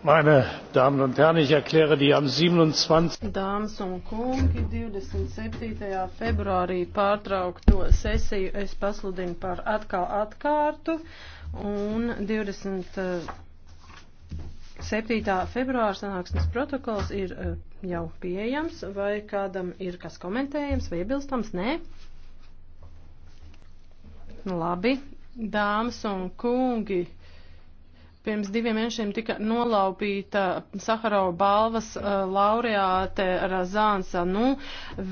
Meine Damen un un un und Herren, ich erkläre die am 27. Dāmas un kungi, 27. februārī pārtraukto sesiju es pasludinu par atkal atkārtu un 27. februāra sanāksmes protokols ir eh, jau pieejams vai kādam ir kas komentējams vai iebilstams? Nē? Labi, dāmas un kungi. Pirms diviem mēnešiem tika nolaupīta Saharova balvas uh, laureāte Razānsa. Nu,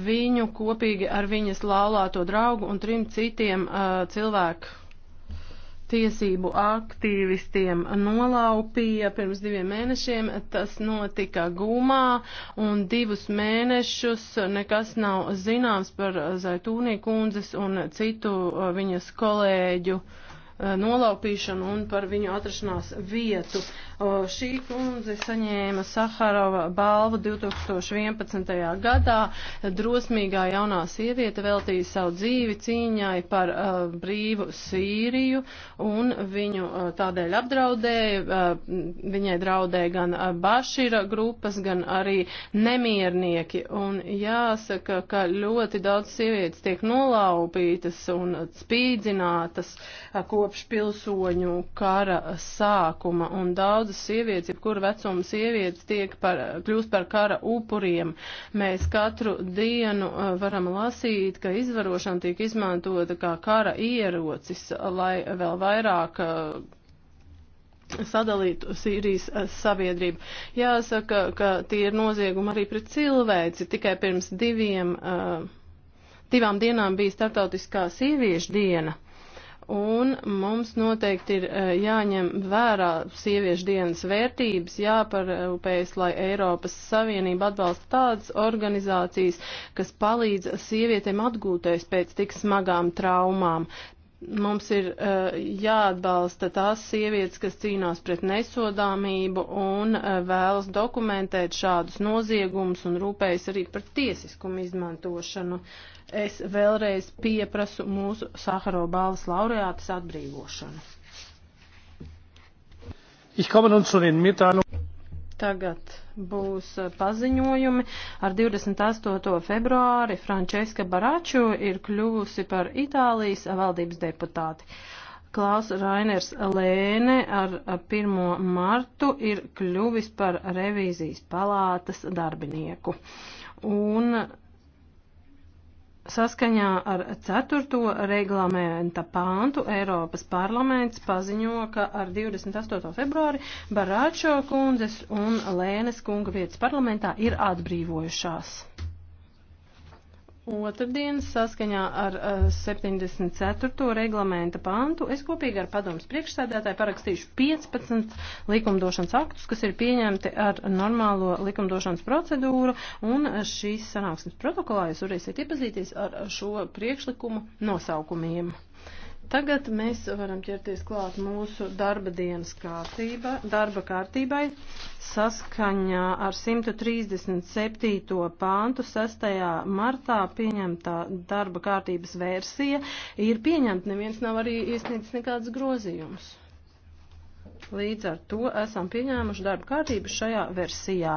viņu kopīgi ar viņas laulāto draugu un trim citiem uh, cilvēku tiesību aktīvistiem nolaupīja pirms diviem mēnešiem. Tas notika gumā un divus mēnešus nekas nav zināms par Zaitūnī kundzes un citu uh, viņas kolēģu uh, Eh, nolaupīšanu un par viņu atrašanās vietu. Šī kundze saņēma Saharova balvu 2011. gadā. Drosmīgā jaunā sieviete veltīja savu dzīvi cīņai par uh, brīvu Sīriju un viņu uh, tādēļ apdraudēja. Uh, viņai draudēja gan uh, Bašira grupas, gan arī nemiernieki. Un jāsaka, ka ļoti daudz sievietes tiek nolaupītas un spīdzinātas, uh, ko kopš pilsoņu kara sākuma, un daudzas sievietes, jebkura vecuma sievietes, tiek par, kļūst par kara upuriem. Mēs katru dienu uh, varam lasīt, ka izvarošana tiek izmantota kā kara ierocis, lai vēl vairāk uh, sadalītu Sīrijas uh, sabiedrību. Jāsaka, ka tie ir noziegumi arī pret cilvēci. Tikai pirms diviem, divām dienām bija startautiskā sieviešu diena. Un mums noteikti ir eh, jāņem vērā sieviešu dienas vērtības, jāparūpējas, lai Eiropas Savienība atbalsta tādas organizācijas, kas palīdz sievietēm atgūties pēc tik smagām traumām. Mums ir uh, jāatbalsta tās sievietes, kas cīnās pret nesodāmību un uh, vēlas dokumentēt šādus noziegumus un rūpējas arī par tiesiskumu izmantošanu. Es vēlreiz pieprasu mūsu Saharo balvas laureātas atbrīvošanu. Ich komme nun zu den Mitteilungen. Tagad būs eh, paziņojumi. Ar 28. februāri Frančeska Baraču ir kļuvusi par Itālijas valdības deputāti. Klaus Rainers Lēne ar 1. Eh, martu ir kļuvis par revīzijas palātas darbinieku. Un Saskaņā ar 4. reglamenta pāntu Eiropas parlaments paziņo, ka ar 28. februāri Barāčo kundzes un Lēnes kunga vietas parlamentā ir atbrīvojušās. Otradien saskaņā ar 74. Eh, reglamenta pantu es kopīgi ar padomus priekšsēdētāju parakstīšu 15 likumdošanas aktus, kas ir pieņemti ar normālo likumdošanas procedūru, un šīs sanāksmes protokolā jūs varēsiet iepazīties ar šo priekšlikumu nosaukumiem. Tagad mēs varam ķerties klāt mūsu darba dienas kārtība, darba kārtībai saskaņā ar 137. pāntu 6. martā pieņemtā darba kārtības versija ir pieņemta, neviens nav arī iesniedzis nekādas grozījumus. Līdz ar to esam pieņēmuši darba kārtību šajā versijā.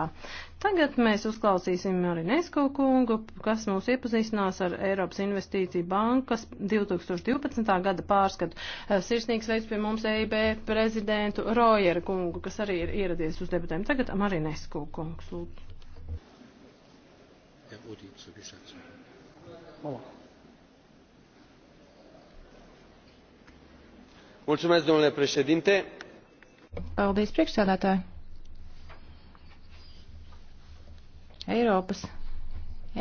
Tagad mēs uzklausīsim arī Nesko kungu, kas mūs iepazīstinās ar Eiropas investīciju bankas 2012. gada pārskatu. Eh, sirsnīgs veids pie mums EIB prezidentu Rojeru kungu, kas arī ir ieradies uz debatēm. Tagad arī Nesko kungs lūdzu. Der Audit zur Geschäftsordnung. Mama. Mulțumesc, domnule președinte Paldies, priekšsēdētāji. Eiropas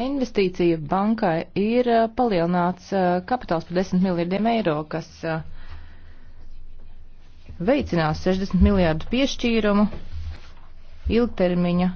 investīcija bankai ir uh, palielināts uh, kapitāls par 10 miljardiem eiro, kas uh, veicinās 60 miljārdu piešķīrumu ilgtermiņa